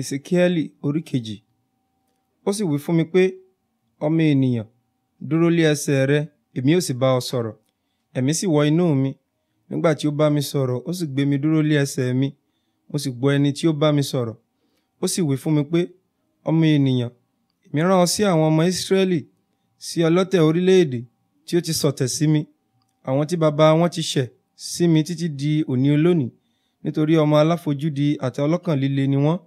esekiẹ́lì orí kejì ó sì wí fún mi pé ọmọ ènìyàn dúró lé ẹsẹ̀ rẹ èmi ó sì bá ọ sọ̀rọ̀ ẹ̀mí sì wọ inú mi nígbà tí ó bá mi sọ̀rọ̀ ó sì gbé mi dúró lé ẹsẹ̀ mi mo sì gbọ́ ẹni tí ó bá mi sọ̀rọ̀ ó sì wí fún mi pé ọmọ ènìyàn èmi rán ọ sí àwọn ọmọ Ísírẹ́lì sí ọlọ́tẹ̀ orílẹ̀-èdè tí ó ti sọ̀tẹ̀ sí mi àwọn tí baba wọn ti ṣẹ̀ sí mi títí di òní olónìí nítorí ọmọ aláfojúdi àti ọlọ́kàn líle ni wọ́n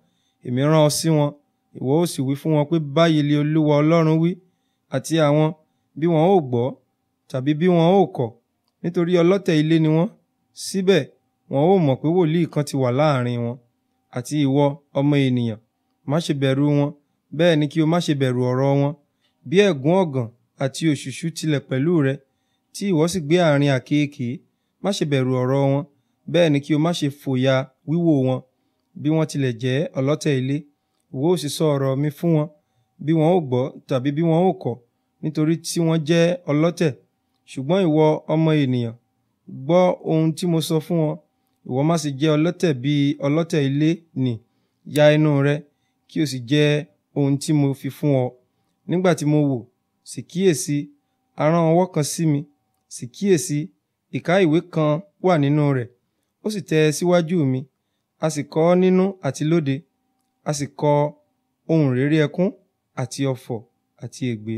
èmi rán ọ sí wọn ìwọ ó sì wí fún wọn pé báyìí lé olúwa ọlọ́run wí àti àwọn bí wọn ó gbọ́ tàbí bí wọn ó kọ̀ nítorí ọlọ́tẹ̀ ilé ni wọ́n síbẹ̀ wọn ó mọ̀ pé wòlíì kan ti wà láàrin wọn àti ìwọ ọmọ ènìyàn má ṣe bẹ̀rù wọn bẹ́ẹ̀ ni kí o má ṣe bẹ̀rù ọ̀rọ̀ wọn bí ẹ̀gún ọ̀gàn àti òṣùṣú tilẹ̀ pẹ̀lú rẹ tí ìwọ sì gbé àárín àkekèé má ṣe bẹ̀rù ọ̀rọ̀ wọn bẹ́ẹ̀ ni kí o má ṣe fòyà wíwò wọn bí wọ́n tilẹ̀ jẹ́ ọlọ́tẹ̀ ilé ìwọ ó sì sọ ọ̀rọ̀ mi fún wọn bí wọn ó gbọ́ tàbí bí wọn ó kọ̀ nítorí tí wọ́n jẹ́ ọlọ́tẹ̀ ṣùgbọ́n ìwọ ọmọ ènìyàn gbọ́ ohun tí mo sọ fún wọn ìwọ má sì jẹ́ ọlọ́tẹ̀ bíi ọlọ́tẹ̀ ilé nì ya ẹnu rẹ kí o sì jẹ́ ohun tí mo fi fún ọ nígbà tí mo wò sì kíyèsí a ọwọ́ kan sí mi sì kíyèsí ìka ìwé kan wà nínú rẹ̀ ó sì tẹ́ síwájú mi a sì kọ ọ́ nínú àti lóde a sì kọ ohùn réré ẹkún àti ọ̀fọ̀ àti ègbé